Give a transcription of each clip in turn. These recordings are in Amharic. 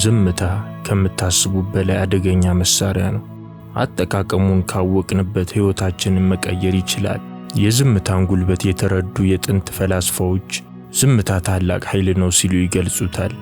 ዝምታ ከምታስቡ በላይ አደገኛ መሳሪያ ነው። አጠቃቀሙን ካወቅንበት ሕይወታችንን መቀየር ይችላል። የዝምታን ጉልበት የተረዱ የጥንት ፈላስፋዎች ዝምታ ታላቅ ኃይል ነው ሲሉ ይገልጹታል።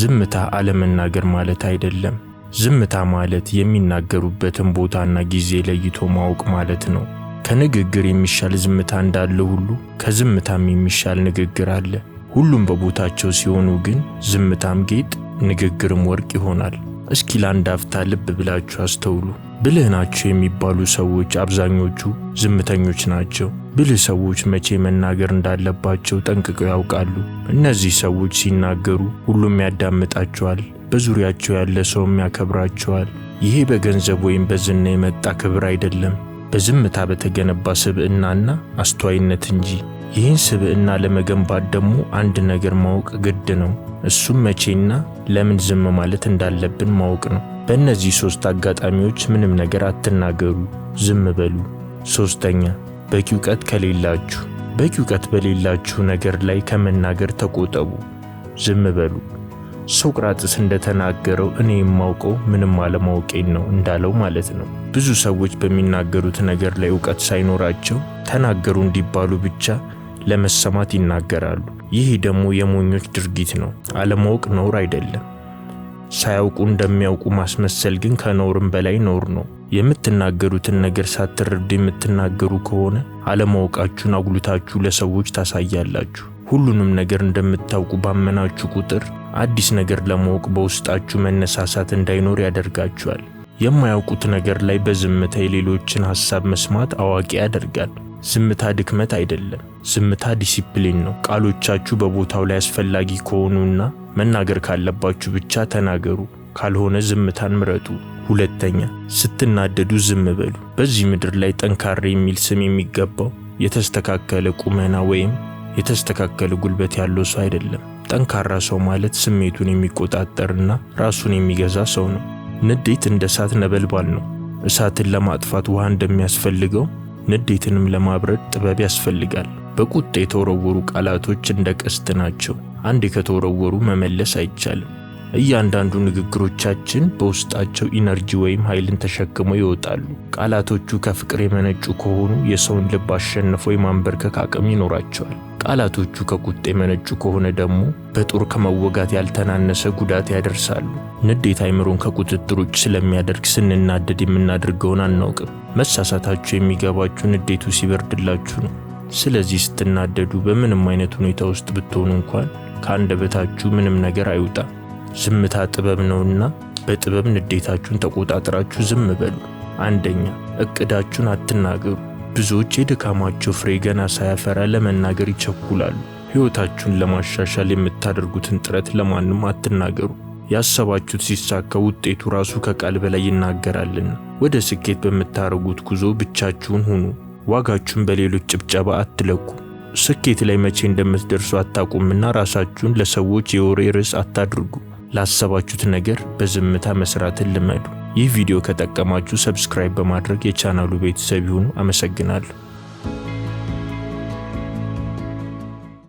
ዝምታ አለመናገር ማለት አይደለም። ዝምታ ማለት የሚናገሩበትን ቦታና ጊዜ ለይቶ ማወቅ ማለት ነው። ከንግግር የሚሻል ዝምታ እንዳለ ሁሉ ከዝምታም የሚሻል ንግግር አለ። ሁሉም በቦታቸው ሲሆኑ ግን ዝምታም ጌጥ ንግግርም ወርቅ ይሆናል። እስኪ ለአንድ አፍታ ልብ ብላችሁ አስተውሉ። ብልህ ናቸው የሚባሉ ሰዎች አብዛኞቹ ዝምተኞች ናቸው። ብልህ ሰዎች መቼ መናገር እንዳለባቸው ጠንቅቀው ያውቃሉ። እነዚህ ሰዎች ሲናገሩ ሁሉም ያዳምጣቸዋል፣ በዙሪያቸው ያለ ሰውም ያከብራቸዋል። ይሄ በገንዘብ ወይም በዝና የመጣ ክብር አይደለም። በዝምታ በተገነባ ስብዕናና አስተዋይነት እንጂ። ይህን ስብዕና ለመገንባት ደግሞ አንድ ነገር ማወቅ ግድ ነው። እሱም መቼና ለምን ዝም ማለት እንዳለብን ማወቅ ነው። በእነዚህ ሦስት አጋጣሚዎች ምንም ነገር አትናገሩ፣ ዝም በሉ። ሦስተኛ በቂ እውቀት ከሌላችሁ፣ በቂ እውቀት በሌላችሁ ነገር ላይ ከመናገር ተቆጠቡ፣ ዝም በሉ። ሶቅራጥስ እንደተናገረው እኔ የማውቀው ምንም አለማወቄን ነው እንዳለው ማለት ነው። ብዙ ሰዎች በሚናገሩት ነገር ላይ እውቀት ሳይኖራቸው ተናገሩ እንዲባሉ ብቻ ለመሰማት ይናገራሉ። ይህ ደግሞ የሞኞች ድርጊት ነው። አለማወቅ ነውር አይደለም። ሳያውቁ እንደሚያውቁ ማስመሰል ግን ከነውርም በላይ ነውር ነው። የምትናገሩትን ነገር ሳትረዱ የምትናገሩ ከሆነ አለማወቃችሁን አጉልታችሁ ለሰዎች ታሳያላችሁ። ሁሉንም ነገር እንደምታውቁ ባመናችሁ ቁጥር አዲስ ነገር ለማወቅ በውስጣችሁ መነሳሳት እንዳይኖር ያደርጋችኋል። የማያውቁት ነገር ላይ በዝምታ የሌሎችን ሐሳብ መስማት አዋቂ ያደርጋል። ዝምታ ድክመት አይደለም፣ ዝምታ ዲሲፕሊን ነው። ቃሎቻችሁ በቦታው ላይ አስፈላጊ ከሆኑና መናገር ካለባችሁ ብቻ ተናገሩ፣ ካልሆነ ዝምታን ምረጡ። ሁለተኛ፣ ስትናደዱ ዝም በሉ። በዚህ ምድር ላይ ጠንካራ የሚል ስም የሚገባው የተስተካከለ ቁመና ወይም የተስተካከለ ጉልበት ያለው ሰው አይደለም ጠንካራ ሰው ማለት ስሜቱን የሚቆጣጠርና ራሱን የሚገዛ ሰው ነው። ንዴት እንደ እሳት ነበልባል ነው። እሳትን ለማጥፋት ውሃ እንደሚያስፈልገው ንዴትንም ለማብረድ ጥበብ ያስፈልጋል። በቁጣ የተወረወሩ ቃላቶች እንደ ቀስት ናቸው። አንድ ከተወረወሩ መመለስ አይቻልም። እያንዳንዱ ንግግሮቻችን በውስጣቸው ኢነርጂ ወይም ኃይልን ተሸክመው ይወጣሉ። ቃላቶቹ ከፍቅር የመነጩ ከሆኑ የሰውን ልብ አሸንፎ የማንበርከክ አቅም ይኖራቸዋል። ቃላቶቹ ከቁጣ የመነጩ ከሆነ ደግሞ በጦር ከመወጋት ያልተናነሰ ጉዳት ያደርሳሉ። ንዴት አይምሮን ከቁጥጥር ውጭ ስለሚያደርግ ስንናደድ የምናደርገውን አናውቅም። መሳሳታችሁ የሚገባችሁ ንዴቱ ሲበርድላችሁ ነው። ስለዚህ ስትናደዱ በምንም አይነት ሁኔታ ውስጥ ብትሆኑ እንኳን ከአንደበታችሁ ምንም ነገር አይውጣ። ዝምታ ጥበብ ነውና በጥበብ ንዴታችሁን ተቆጣጥራችሁ ዝም በሉ። አንደኛ፣ እቅዳችሁን አትናገሩ። ብዙዎች የድካማቸው ፍሬ ገና ሳያፈራ ለመናገር ይቸኩላሉ። ሕይወታችሁን ለማሻሻል የምታደርጉትን ጥረት ለማንም አትናገሩ። ያሰባችሁት ሲሳካ ውጤቱ ራሱ ከቃል በላይ ይናገራልና። ወደ ስኬት በምታደርጉት ጉዞ ብቻችሁን ሁኑ። ዋጋችሁን በሌሎች ጭብጨባ አትለኩ። ስኬት ላይ መቼ እንደምትደርሱ አታውቁምና ራሳችሁን ለሰዎች የወሬ ርዕስ አታድርጉ። ላሰባችሁት ነገር በዝምታ መስራትን ልመዱ። ይህ ቪዲዮ ከጠቀማችሁ ሰብስክራይብ በማድረግ የቻናሉ ቤተሰብ ይሁኑ። አመሰግናለሁ።